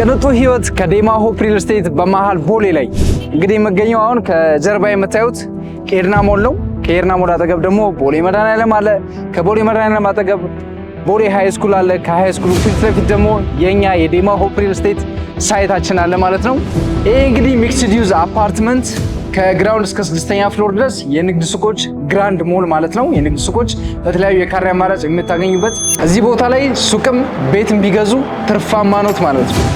ቅንጡ ህይወት ከዴማ ሆፕ ሪል ስቴት በመሃል ቦሌ ላይ እንግዲህ የምገኘው አሁን ከጀርባ የምታዩት ቄድና ሞል ነው። ከኤርና ሞል አጠገብ ደግሞ ቦሌ መድኃኒዓለም አለ። ከቦሌ መድኃኒዓለም አጠገብ ቦሌ ሃይ ስኩል አለ። ከሃይ ስኩል ፊት ለፊት ደግሞ የኛ የዴማ ሆፕ ሪል ስቴት ሳይታችን አለ ማለት ነው። ይህ እንግዲህ ሚክስድ ዩዝ አፓርትመንት ከግራውንድ እስከ ስድስተኛ ፍሎር ድረስ የንግድ ሱቆች ግራንድ ሞል ማለት ነው። የንግድ ሱቆች በተለያዩ የካሬ አማራጭ የምታገኙበት እዚህ ቦታ ላይ ሱቅም ቤትም ቢገዙ ትርፋማ ኖት ማለት ነው።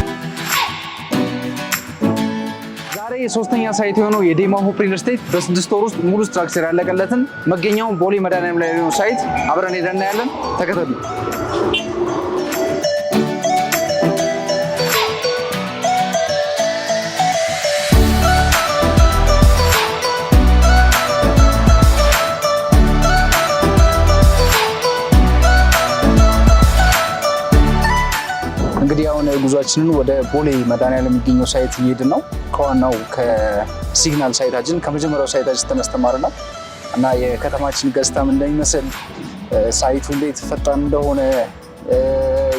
ዛሬ የሶስተኛ ሳይት የሆነው የዴማ ሆፕ ሪል ስቴት በስድስት ወር ውስጥ ሙሉ ስትራክቸር ያለቀለትን መገኛውን ቦሌ መድኃኒዓለም ላይ የሆነው ሳይት አብረን ሄደን እናያለን። ተከተሉ። ጉዟችንን ወደ ቦሌ መድኃኒዓለም የሚገኘው ሳይት እየሄድ ነው። ከዋናው ከሲግናል ሳይታችን ከመጀመሪያው ሳይታችን ተነስተን ነው እና የከተማችን ምን እንደሚመስል ሳይቱ እንዴት ፈጣን እንደሆነ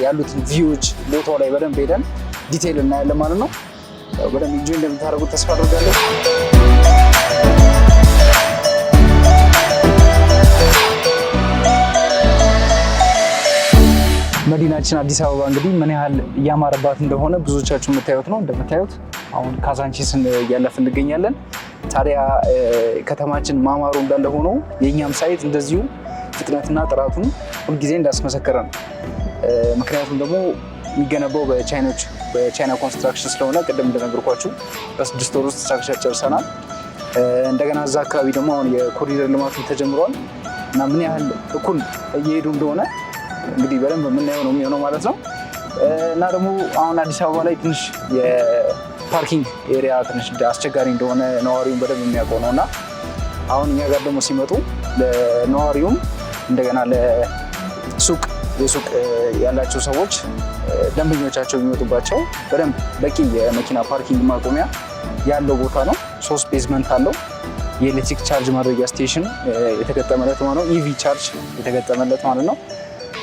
ያሉትን ቪዎች ቦታው ላይ በደንብ ሄደን ዲቴይል እናያለን ማለት ነው። በደንብ እንጆይ እንደምታደርጉት ተስፋ አድርጋለን። መዲናችን አዲስ አበባ እንግዲህ ምን ያህል እያማረባት እንደሆነ ብዙዎቻችሁ የምታዩት ነው። እንደምታዩት አሁን ካዛንቺስን እያለፍ እንገኛለን። ታዲያ ከተማችን ማማሩ እንዳለ ሆኖ የእኛም ሳይት እንደዚሁ ፍጥነትና ጥራቱን ሁልጊዜ እንዳስመሰከረ ነው። ምክንያቱም ደግሞ የሚገነባው በቻይኖች በቻይና ኮንስትራክሽን ስለሆነ ቅድም እንደነገርኳችሁ በስድስት ወር ውስጥ ሳክሻ ጨርሰናል። እንደገና እዛ አካባቢ ደግሞ አሁን የኮሪደር ልማቱ ተጀምሯል እና ምን ያህል እኩል እየሄዱ እንደሆነ እንግዲህ በደንብ የምናየው ነው የሚሆነው ማለት ነው። እና ደግሞ አሁን አዲስ አበባ ላይ ትንሽ የፓርኪንግ ኤሪያ ትንሽ አስቸጋሪ እንደሆነ ነዋሪውን በደንብ የሚያውቀው ነው እና አሁን እኛ ጋር ደግሞ ሲመጡ ለነዋሪውም እንደገና ለሱቅ የሱቅ ያላቸው ሰዎች ደንበኞቻቸው የሚወጡባቸው በደንብ በቂ የመኪና ፓርኪንግ ማቆሚያ ያለው ቦታ ነው። ሶስት ቤዝመንት አለው። የኤሌክትሪክ ቻርጅ ማድረጊያ ስቴሽን የተገጠመለት ማለት ነው። ኢቪ ቻርጅ የተገጠመለት ማለት ነው።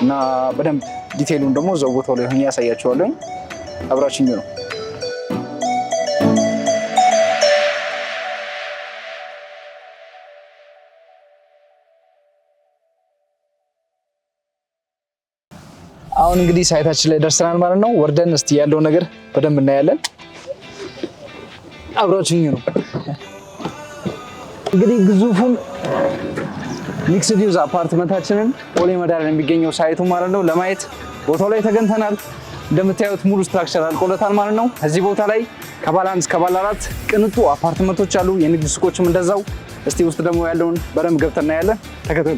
እና በደንብ ዲቴይሉን ደግሞ እዛው ቦታው ላይ ሆኜ ያሳያቸዋለሁ። አብራችኝ ነው። አሁን እንግዲህ ሳይታችን ላይ ደርሰናል ማለት ነው። ወርደን እስቲ ያለውን ነገር በደንብ እናያለን። አብራችኝ ነው እንግዲህ ግዙፉን ሚክስ ቪውዝ አፓርትመንታችንን ቦሌ መድኃኒዓለም የሚገኘው ሳይቱ ማለት ነው ለማየት ቦታው ላይ ተገኝተናል። እንደምታዩት ሙሉ ስትራክቸር አልቆለታል ማለት ነው። እዚህ ቦታ ላይ ከባለ አንድ እስከ ባለ አራት ቅንጡ አፓርትመንቶች አሉ፣ የንግድ ሱቆችም እንደዛው። እስቲ ውስጥ ደግሞ ያለውን በደንብ ገብተን እናያለን። ተከተሉ።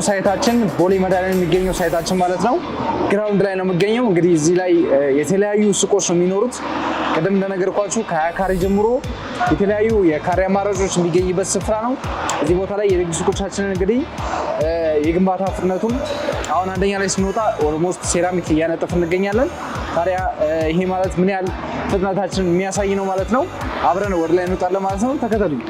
ይሄኛው ሳይታችን ቦሌ መድኃኒዓለም የሚገኘው ሳይታችን ማለት ነው ግራውንድ ላይ ነው የሚገኘው። እንግዲህ እዚህ ላይ የተለያዩ ሱቆች ነው የሚኖሩት። ቅድም እንደነገርኳችሁ ከሀያ ካሬ ጀምሮ የተለያዩ የካሬ አማራጮች የሚገኝበት ስፍራ ነው። እዚህ ቦታ ላይ የንግድ ሱቆቻችንን እንግዲህ የግንባታ ፍጥነቱን አሁን አንደኛ ላይ ስንወጣ ኦልሞስት ሴራሚክ እያነጠፍ እንገኛለን። ታዲያ ይሄ ማለት ምን ያህል ፍጥነታችንን የሚያሳይ ነው ማለት ነው። አብረን ወደ ላይ እንወጣለን ማለት ነው። ተከተሉኝ።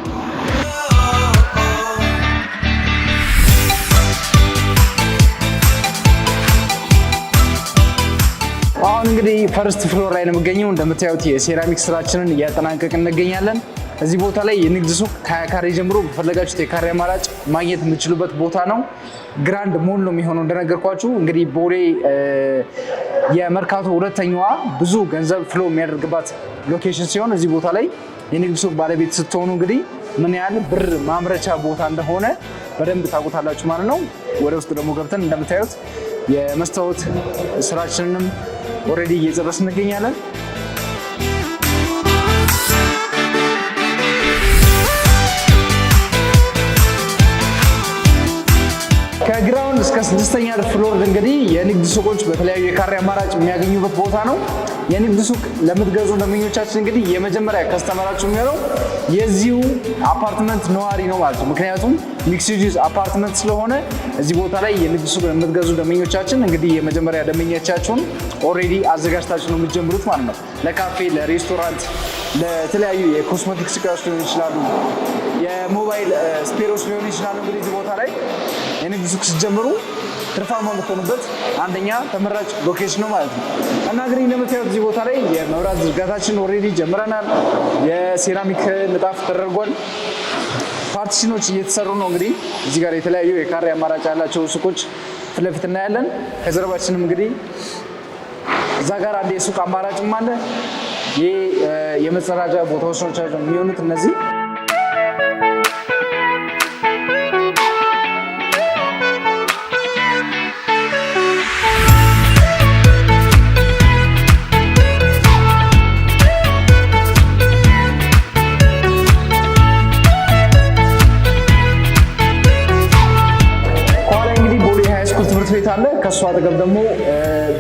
አሁን እንግዲህ ፈርስት ፍሎር ላይ ነው የምገኘው። እንደምታዩት የሴራሚክ ስራችንን እያጠናቀቅ እንገኛለን። እዚህ ቦታ ላይ የንግድ ሱቅ ከሀያ ካሬ ጀምሮ በፈለጋችሁት የካሬ አማራጭ ማግኘት የምችሉበት ቦታ ነው። ግራንድ ሞል ነው የሚሆነው። እንደነገርኳችሁ እንግዲህ ቦሌ የመርካቶ ሁለተኛዋ ብዙ ገንዘብ ፍሎ የሚያደርግባት ሎኬሽን ሲሆን እዚህ ቦታ ላይ የንግድ ሱቅ ባለቤት ስትሆኑ እንግዲህ ምን ያህል ብር ማምረቻ ቦታ እንደሆነ በደንብ ታውቁታላችሁ ማለት ነው። ወደ ውስጥ ደግሞ ገብተን እንደምታዩት የመስታወት ስራችንንም ኦልሬዲ እየጨረስ እንገኛለን። ከግራውንድ እስከ ስድስተኛ ፍሎር እንግዲህ የንግድ ሱቆች በተለያዩ የካሬ አማራጭ የሚያገኙበት ቦታ ነው። የንግድ ሱቅ ለምትገዙ ደንበኞቻችን እንግዲህ የመጀመሪያ ከስተመራችሁ የሚሆነው የዚሁ አፓርትመንት ነዋሪ ነው ማለት ነው። ምክንያቱም ሚክስድ ዩዝ አፓርትመንት ስለሆነ እዚህ ቦታ ላይ የንግድ ሱቅ ለምትገዙ ደንበኞቻችን እንግዲህ የመጀመሪያ ደንበኞቻችሁን ኦልሬዲ አዘጋጅታችሁ ነው የምትጀምሩት ማለት ነው። ለካፌ፣ ለሬስቶራንት፣ ለተለያዩ የኮስሞቲክስ እቃዎች ሊሆን ይችላሉ፣ የሞባይል ስፔሮች ሊሆኑ ይችላሉ። እንግዲህ እዚህ ቦታ ላይ የንግድ ሱቅ ስትጀምሩ ትርፋማ የምትሆኑበት አንደኛ ተመራጭ ሎኬሽን ነው ማለት ነው። እና እንግዲህ እንደምታዩት እዚህ ቦታ ላይ የመብራት ዝርጋታችን ኦልሬዲ ጀምረናል። የሴራሚክ ንጣፍ ተደርጓል። ፓርቲሽኖች እየተሰሩ ነው። እንግዲህ እዚህ ጋር የተለያዩ የካሬ አማራጭ ያላቸው ሱቆች ፊት ለፊት እናያለን። ከጀርባችንም እንግዲህ እዛ ጋር አንድ የሱቅ አማራጭም አለ። ይህ የመጸዳጃ ቦታዎች ናቸው የሚሆኑት እነዚህ አለ። ከእሱ አጠገብ ደግሞ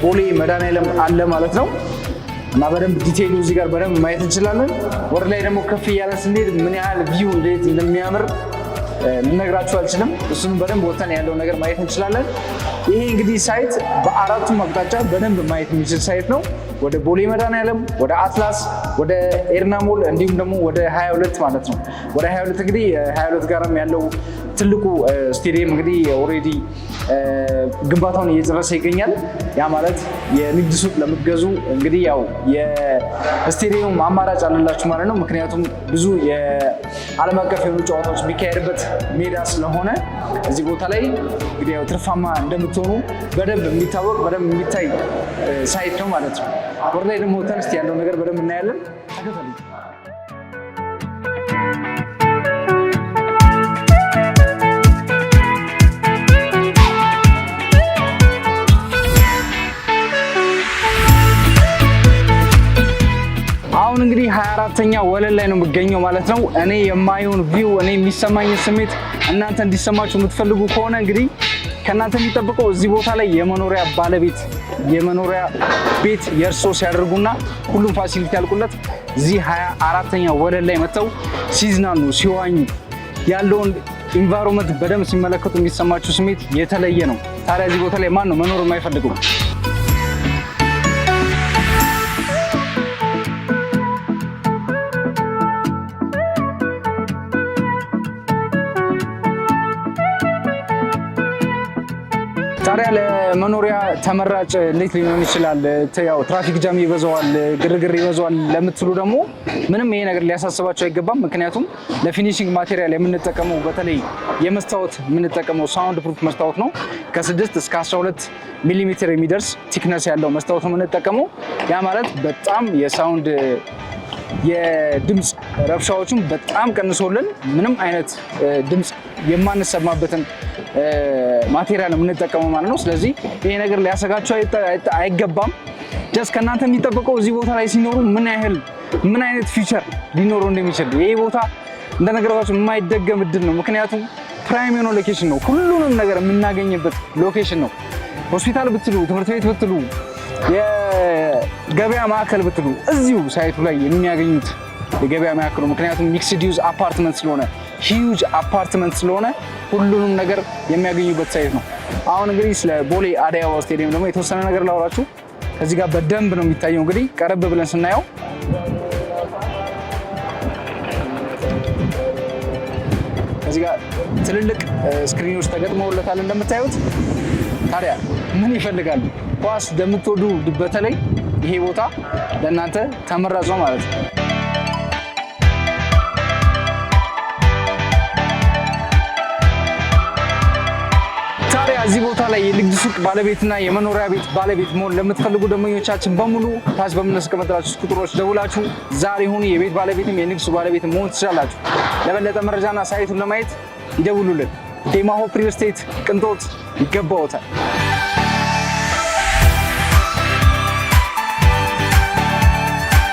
ቦሌ መድኃኒዓለም አለ ማለት ነው። እና በደንብ ዲቴይሉ እዚህ ጋር በደንብ ማየት እንችላለን። ወደ ላይ ደግሞ ከፍ እያለ ስንሄድ ምን ያህል ቪው እንዴት እንደሚያምር ልነግራችሁ አልችልም። እሱም በደንብ ወተን ያለው ነገር ማየት እንችላለን። ይሄ እንግዲህ ሳይት በአራቱም አቅጣጫ በደንብ ማየት የሚችል ሳይት ነው። ወደ ቦሌ መድኃኒዓለም፣ ወደ አትላስ፣ ወደ ኤርናሞል እንዲሁም ደግሞ ወደ 22 ማለት ነው። ወደ 22 እንግዲህ 22 ጋርም ያለው ትልቁ ስቴዲየም እንግዲህ ኦልሬዲ ግንባታውን እየጨረሰ ይገኛል። ያ ማለት የንግድ ሱቅ ለምትገዙ እንግዲህ ያው የስቴዲየም አማራጭ አለላችሁ ማለት ነው። ምክንያቱም ብዙ የዓለም አቀፍ የሆኑ ጨዋታዎች የሚካሄድበት ሜዳ ስለሆነ እዚህ ቦታ ላይ እንግዲህ ያው ትርፋማ እንደምትሆኑ በደንብ የሚታወቅ በደንብ የሚታይ ሳይት ነው ማለት ነው። ወር ላይ ደግሞ ተነስት ያለው ነገር በደንብ እናያለን። ተከተሉ። አሁን እንግዲህ 24 አራተኛ ወለል ላይ ነው የምገኘው ማለት ነው። እኔ የማየውን ቪው እኔ የሚሰማኝ ስሜት እናንተ እንዲሰማችሁ የምትፈልጉ ከሆነ እንግዲህ ከእናንተ የሚጠብቀው እዚህ ቦታ ላይ የመኖሪያ ባለቤት የመኖሪያ ቤት የእርሶ ሲያደርጉና ሁሉም ፋሲሊቲ ያልቁለት እዚህ 24 አራተኛ ወለል ላይ መጥተው ሲዝናኑ ሲዋኙ ያለውን ኢንቫይሮንመንት በደንብ ሲመለከቱ የሚሰማችሁ ስሜት የተለየ ነው። ታዲያ እዚህ ቦታ ላይ ማን ነው መኖር የማይፈልገው? ታዲያ ለመኖሪያ ተመራጭ እንዴት ሊሆን ይችላል? ያው ትራፊክ ጃም ይበዛዋል፣ ግርግር ይበዛዋል ለምትሉ ደግሞ ምንም ይሄ ነገር ሊያሳስባቸው አይገባም። ምክንያቱም ለፊኒሽንግ ማቴሪያል የምንጠቀመው በተለይ የመስታወት የምንጠቀመው ሳውንድ ፕሩፍ መስታወት ነው። ከ6 እስከ 12 ሚሊሜትር የሚደርስ ቲክነስ ያለው መስታወት ነው የምንጠቀመው። ያ ማለት በጣም የሳውንድ የድምፅ ረብሻዎችን በጣም ቀንሶልን ምንም አይነት ድምፅ የማንሰማበትን ማቴሪያል የምንጠቀመው ማለት ነው። ስለዚህ ይሄ ነገር ሊያሰጋቸው አይገባም። ጀስ ከእናንተ የሚጠበቀው እዚህ ቦታ ላይ ሲኖሩ ምን ያህል ምን አይነት ፊቸር ሊኖረው እንደሚችል ይህ ቦታ እንደነገርኳቸው የማይደገም እድል ነው። ምክንያቱም ፕራይም የሆነ ሎኬሽን ነው። ሁሉንም ነገር የምናገኝበት ሎኬሽን ነው። ሆስፒታል ብትሉ፣ ትምህርት ቤት ብትሉ፣ የገበያ ማዕከል ብትሉ እዚሁ ሳይቱ ላይ የሚያገኙት የገበያ ማዕከሉ ምክንያቱም ሚክስድ ዩዝ አፓርትመንት ስለሆነ ሂዩጅ አፓርትመንት ስለሆነ ሁሉንም ነገር የሚያገኙበት ሳይት ነው። አሁን እንግዲህ ስለ ቦሌ አደይ አበባ ስቴዲየም ደግሞ የተወሰነ ነገር ላውራችሁ። ከዚህ ጋር በደንብ ነው የሚታየው። እንግዲህ ቀረብ ብለን ስናየው ከዚህ ጋር ትልልቅ ስክሪኖች ተገጥመውለታል እንደምታዩት። ታዲያ ምን ይፈልጋሉ? ኳስ እንደምትወዱ በተለይ ይሄ ቦታ ለእናንተ ተመራጭ ነው ማለት ነው። እዚህ ቦታ ላይ የንግድ ሱቅ ባለቤትና የመኖሪያ ቤት ባለቤት መሆን ለምትፈልጉ ደንበኞቻችን በሙሉ ታች በምናስቀምጥላችሁ ቁጥሮች ደውላችሁ ዛሬውኑ የቤት ባለቤትም የንግድ ሱቅ ባለቤት መሆን ትችላላችሁ። ለበለጠ መረጃና ሳይቱን ለማየት ይደውሉልን። ቴማ ሪል ስቴት ቅንጦት ይገባዎታል።